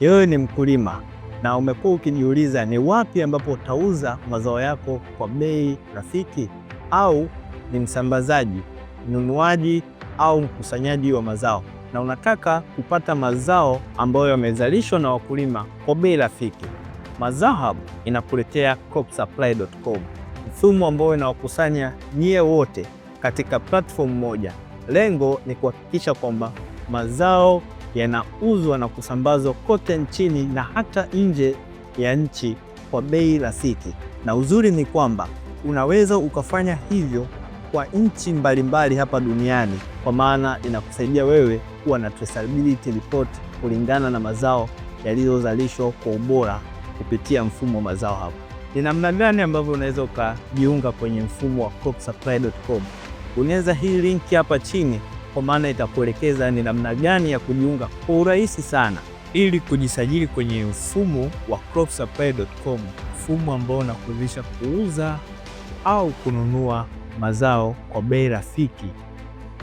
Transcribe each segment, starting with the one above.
Wewe ni mkulima na umekuwa ukijiuliza ni wapi ambapo utauza mazao yako kwa bei rafiki, au ni msambazaji, mnunuaji au mkusanyaji wa mazao na unataka kupata mazao ambayo yamezalishwa na wakulima kwa bei rafiki, MazaoHub inakuletea CropSupply.com, mfumo ambao inawakusanya nyie wote katika platform moja. Lengo ni kuhakikisha kwamba mazao yanauzwa na kusambazwa kote nchini na hata nje ya nchi kwa bei rafiki, na uzuri ni kwamba unaweza ukafanya hivyo kwa nchi mbalimbali hapa duniani, kwa maana inakusaidia wewe kuwa na traceability report kulingana na mazao yaliyozalishwa kwa ubora kupitia mfumo wa mazao hapo. Ni namna gani ambavyo unaweza ukajiunga kwenye mfumo wa cropsupply.com? Bonyeza hii linki hapa chini kwa maana itakuelekeza ni namna gani ya kujiunga kwa urahisi sana ili kujisajili kwenye mfumo wa cropsupply.com, mfumo ambao unakuwezesha kuuza au kununua mazao kwa bei rafiki.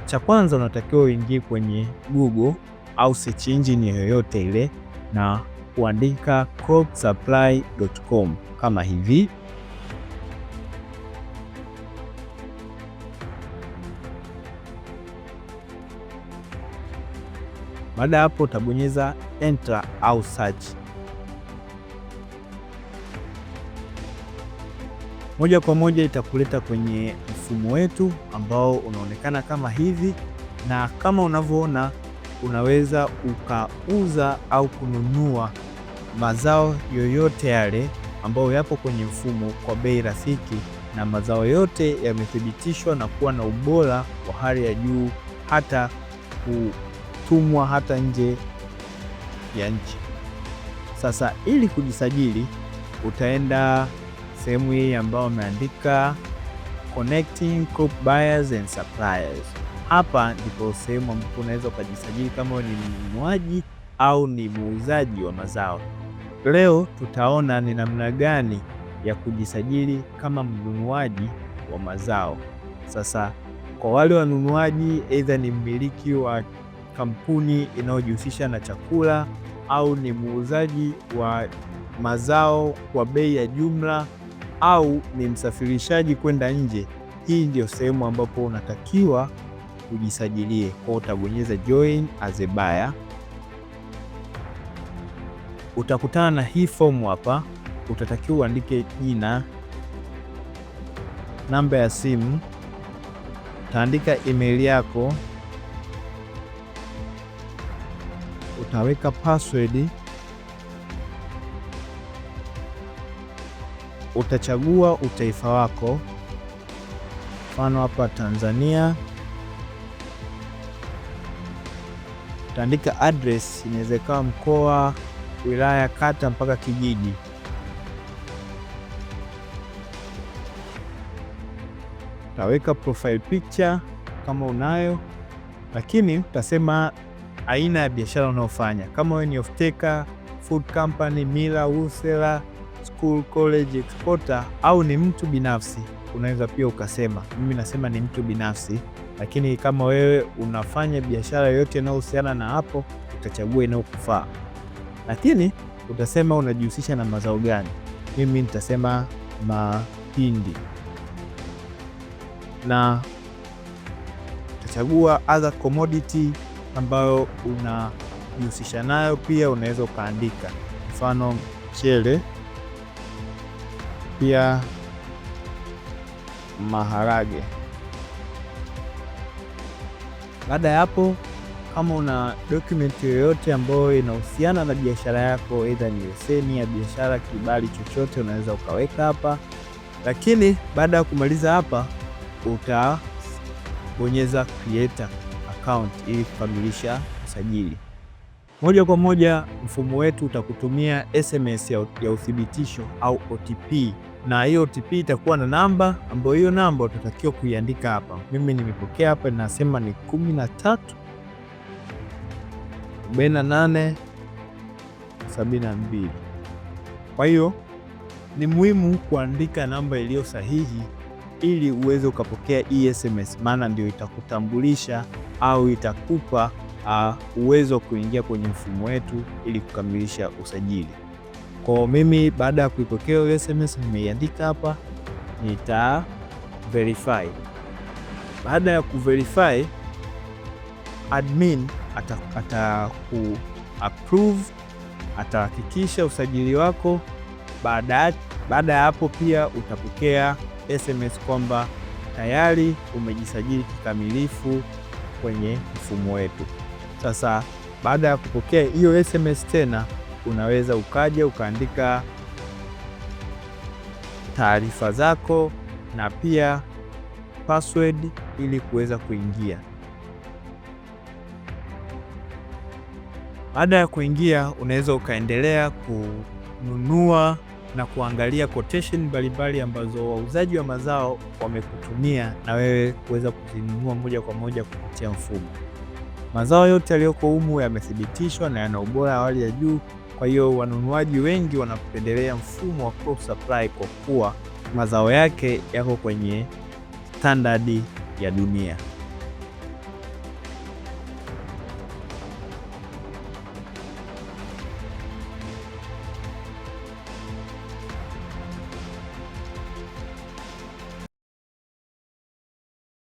Cha kwanza unatakiwa uingie kwenye Google au search engine yoyote ile na kuandika cropsupply.com kama hivi. Baada ya hapo utabonyeza enter au search. Moja kwa moja itakuleta kwenye mfumo wetu ambao unaonekana kama hivi, na kama unavyoona, unaweza ukauza au kununua mazao yoyote yale ambayo yapo kwenye mfumo kwa bei rafiki, na mazao yote yamethibitishwa na kuwa na ubora wa hali ya juu hata kutumwa hata nje ya nchi. Sasa ili kujisajili, utaenda sehemu hii ambayo wameandika connecting crop buyers and suppliers. Hapa ndipo sehemu ambapo unaweza ukajisajili kama ni mnunuaji au ni muuzaji wa mazao. Leo tutaona ni namna gani ya kujisajili kama mnunuaji wa mazao. Sasa kwa wale wanunuaji, aidha ni mmiliki wa kampuni inayojihusisha na chakula au ni muuzaji wa mazao kwa bei ya jumla au ni msafirishaji kwenda nje, hii ndio sehemu ambapo unatakiwa ujisajilie. Kwa utabonyeza join as a buyer, utakutana na hii fomu hapa. Utatakiwa uandike jina, namba ya simu, utaandika email yako utaweka password, utachagua utaifa wako, mfano hapa Tanzania, utaandika address, inaweza ikawa mkoa, wilaya, kata mpaka kijiji. Utaweka profile picture kama unayo, lakini utasema aina ya biashara unaofanya, kama wewe ni off-taker, food company, mila, wholesaler, school, college, exporter au ni mtu binafsi, unaweza pia ukasema. Mimi nasema ni mtu binafsi, lakini kama wewe unafanya biashara yoyote inayohusiana na hapo, utachagua inayokufaa, lakini utasema unajihusisha na mazao gani. Mimi nitasema mahindi na utachagua other commodity ambayo unajihusisha nayo, pia unaweza ukaandika mfano mchele, pia maharage. Baada ya hapo, kama una dokumenti yoyote ambayo inahusiana na biashara yako, aidha ni leseni ya biashara, kibali chochote, unaweza ukaweka hapa. Lakini baada ya kumaliza hapa, utabonyeza create account ili kukamilisha usajili. Moja kwa moja mfumo wetu utakutumia SMS ya, ya uthibitisho au OTP, na hiyo OTP itakuwa na namba ambayo hiyo namba utatakiwa kuiandika hapa. Mimi nimepokea hapa, ninasema ni 13 48 72. Kwa hiyo ni muhimu kuandika namba iliyo sahihi ili uweze ukapokea hii SMS, maana ndio itakutambulisha au itakupa uh, uwezo wa kuingia kwenye mfumo wetu ili kukamilisha usajili. Kwa mimi baada ya kuipokea hiyo SMS nimeiandika hapa, nita verify. Baada ya kuverify, admin ataku approve, atahakikisha usajili wako. Baada baada ya hapo pia utapokea SMS kwamba tayari umejisajili kikamilifu kwenye mfumo wetu. Sasa baada ya kupokea hiyo SMS tena unaweza ukaja ukaandika taarifa zako na pia password ili kuweza kuingia. Baada ya kuingia, unaweza ukaendelea kununua na kuangalia quotation mbalimbali ambazo wauzaji wa mazao wamekutumia na wewe kuweza kuzinunua moja kwa moja kupitia mfumo. Mazao yote yaliyoko humu yamethibitishwa na yana ubora wa hali ya juu, kwa hiyo wanunuaji wengi wanapendelea mfumo wa Crop Supply kwa kuwa mazao yake yako kwenye standardi ya dunia.